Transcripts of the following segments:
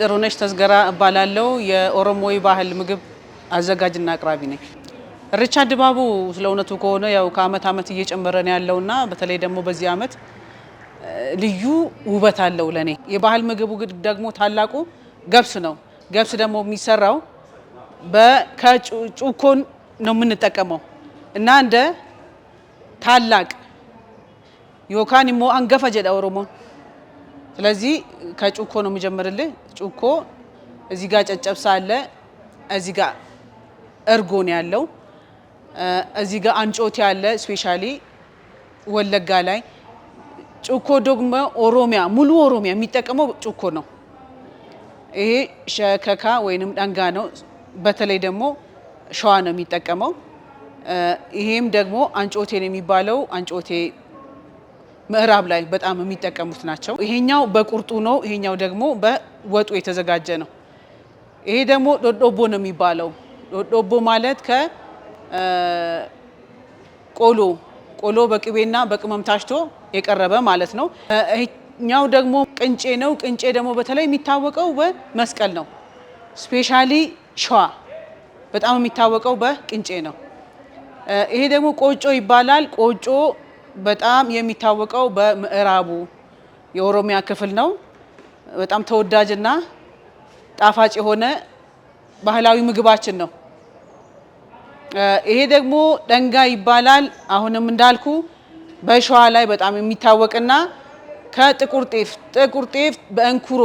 ጥሩነሽ ተዝገራ እባላለሁ። የኦሮሞ ባህል ምግብ አዘጋጅና አቅራቢ ነኝ። እርቻ ድባቡ ስለ እውነቱ ከሆነ ያው ከአመት አመት እየጨመረ ነው ያለውና በተለይ ደግሞ በዚህ አመት ልዩ ውበት አለው ለኔ። የባህል ምግቡ ደግሞ ታላቁ ገብስ ነው። ገብስ ደግሞ የሚሰራው ከጩኮን ነው የምንጠቀመው እና እንደ ታላቅ ዮካን ሞ አንገፈ ጀዳ ኦሮሞን ስለዚህ ከጩኮ ነው የምጀምርልህ። ጩኮ እዚህ ጋር ጨጨብሳ አለ፣ እዚህ ጋር እርጎ ነው ያለው፣ እዚህ ጋር አንጮቴ አለ። ስፔሻሊ ወለጋ ላይ ጩኮ ደግሞ ኦሮሚያ ሙሉ ኦሮሚያ የሚጠቀመው ጩኮ ነው። ይሄ ሸከካ ወይንም ዳንጋ ነው። በተለይ ደግሞ ሸዋ ነው የሚጠቀመው። ይሄም ደግሞ አንጮቴ ነው የሚባለው። አንጮቴ ምዕራብ ላይ በጣም የሚጠቀሙት ናቸው። ይሄኛው በቁርጡ ነው፣ ይሄኛው ደግሞ በወጡ የተዘጋጀ ነው። ይሄ ደግሞ ዶዶቦ ነው የሚባለው። ዶዶቦ ማለት ከቆሎ ቆሎ በቅቤና በቅመም ታሽቶ የቀረበ ማለት ነው። ይሄኛው ደግሞ ቅንጬ ነው። ቅንጬ ደግሞ በተለይ የሚታወቀው በመስቀል ነው። ስፔሻሊ ሸዋ በጣም የሚታወቀው በቅንጬ ነው። ይሄ ደግሞ ቆጮ ይባላል። ቆጮ በጣም የሚታወቀው በምዕራቡ የኦሮሚያ ክፍል ነው። በጣም ተወዳጅና ጣፋጭ የሆነ ባህላዊ ምግባችን ነው። ይሄ ደግሞ ደንጋ ይባላል። አሁንም እንዳልኩ በሸዋ ላይ በጣም የሚታወቅና ከጥቁር ጤፍ ጥቁር ጤፍ በእንኩሮ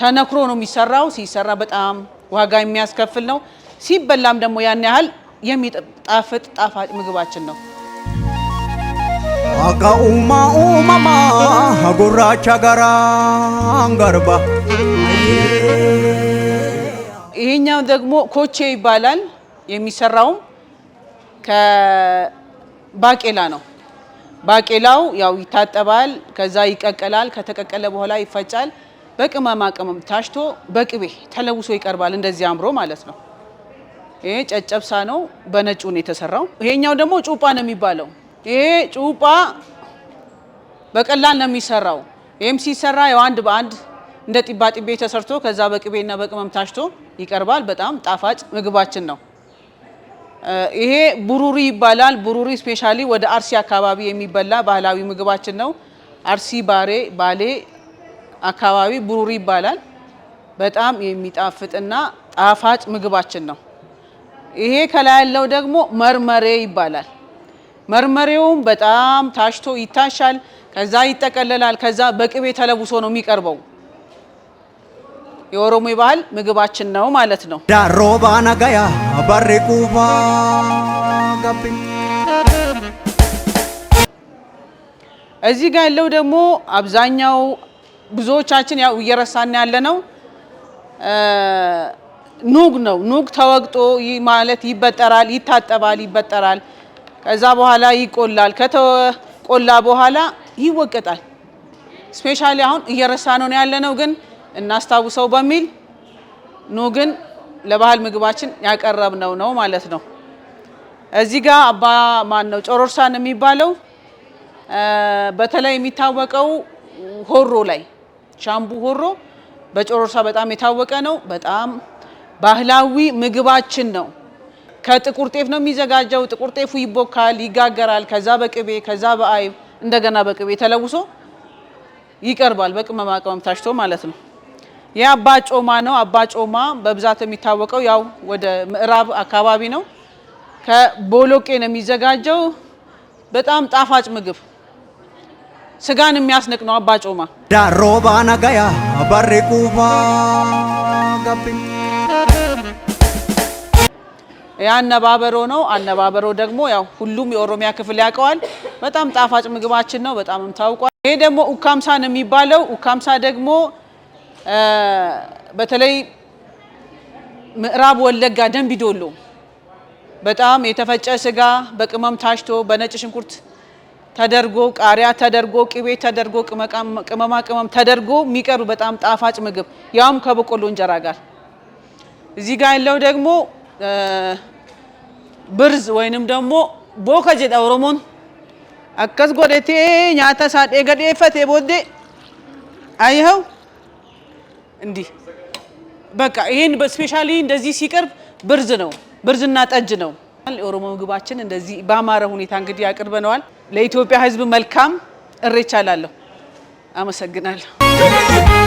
ተነክሮ ነው የሚሰራው። ሲሰራ በጣም ዋጋ የሚያስከፍል ነው። ሲበላም ደግሞ ያን ያህል የሚጣፍጥ ጣፋጭ ምግባችን ነው። Akka uumaa uumamaa gurraacha garaan ገርባ ይሄኛው ደግሞ ኮቼ ይባላል። የሚሰራውም ከባቄላ ነው። ባቄላው ያው ይታጠባል፣ ከዛ ይቀቀላል። ከተቀቀለ በኋላ ይፈጫል። በቅመማ ቅመም ታሽቶ በቅቤ ተለውሶ ይቀርባል። እንደዚህ አምሮ ማለት ነው። ይሄ ጨጨብሳ ነው። በነጩ ነው የተሰራው። ይሄኛው ደግሞ ጩጳ ነው የሚባለው ይሄ ጩጳ በቀላል ነው የሚሰራው። ይህም ሲሰራ ያው አንድ በአንድ እንደ ጢባጢቤ ተሰርቶ ከዛ በቅቤና በቅመም ታሽቶ ይቀርባል። በጣም ጣፋጭ ምግባችን ነው። ይሄ ቡሩሪ ይባላል። ቡሩሪ ስፔሻሊ ወደ አርሲ አካባቢ የሚበላ ባህላዊ ምግባችን ነው። አርሲ ባሬ ባሌ አካባቢ ቡሩሪ ይባላል። በጣም የሚጣፍጥና ጣፋጭ ምግባችን ነው። ይሄ ከላይ ያለው ደግሞ መርመሬ ይባላል። መርመሬውም በጣም ታሽቶ ይታሻል። ከዛ ይጠቀለላል። ከዛ በቅቤ ተለውሶ ነው የሚቀርበው። የኦሮሞ ባህል ምግባችን ነው ማለት ነው። ዳሮባ ናጋያ ባሬ እዚህ ጋር ያለው ደግሞ አብዛኛው ብዙዎቻችን ያው እየረሳን ያለ ነው ኑግ ነው። ኑግ ተወቅጦ ማለት ይበጠራል፣ ይታጠባል፣ ይበጠራል ከዛ በኋላ ይቆላል። ከተቆላ በኋላ ይወቀጣል። ስፔሻሊ አሁን እየረሳ ነው ያለ ነው ግን እናስታውሰው በሚል ኑ ግን ለባህል ምግባችን ያቀረብነው ነው ማለት ነው። እዚህ ጋር አባ ማን ነው ጮሮርሳን የሚባለው በተለይ የሚታወቀው ሆሮ ላይ ሻምቡ ሆሮ በጮሮርሳ በጣም የታወቀ ነው። በጣም ባህላዊ ምግባችን ነው። ከጥቁር ጤፍ ነው የሚዘጋጀው። ጥቁር ጤፉ ይቦካል፣ ይጋገራል። ከዛ በቅቤ ከዛ በአይብ እንደገና በቅቤ ተለውሶ ይቀርባል። በቅመማ ቅመም ታሽቶ ማለት ነው። የአባ ጮማ ነው። አባ ጮማ በብዛት የሚታወቀው ያው ወደ ምዕራብ አካባቢ ነው። ከቦሎቄ ነው የሚዘጋጀው። በጣም ጣፋጭ ምግብ ስጋን የሚያስንቅ ነው። አባ ጮማ ዳሮባ ነገያ በሬ ቁፋ የአነባበሮ ነው። አነባበሮ ደግሞ ያው ሁሉም የኦሮሚያ ክፍል ያውቀዋል። በጣም ጣፋጭ ምግባችን ነው። በጣም ታውቋል። ይሄ ደግሞ ኡካምሳ ነው የሚባለው። ኡካምሳ ደግሞ በተለይ ምዕራብ ወለጋ ደንቢ ዶሎ በጣም የተፈጨ ስጋ በቅመም ታሽቶ በነጭ ሽንኩርት ተደርጎ ቃሪያ ተደርጎ ቅቤ ተደርጎ ቅመማ ቅመም ተደርጎ የሚቀርብ በጣም ጣፋጭ ምግብ ያውም ከበቆሎ እንጀራ ጋር። እዚህ ጋር ያለው ደግሞ ብርዝ ወይንም ደግሞ ቦከ ጀዳ ኦሮሞን አከስ ጎደቴ ኛታ ሳጤ ገዴፈቴ ቦዴ አይኸው እንዲህ በቃ ይሄን በስፔሻሊ እንደዚህ ሲቀርብ ብርዝ ነው፣ ብርዝና ጠጅ ነው። የኦሮሞ ምግባችን እንደዚህ በአማረ ሁኔታ እንግዲህ አቅርበነዋል። ለኢትዮጵያ ሕዝብ መልካም እሬቻ ላለሁ። አመሰግናለሁ።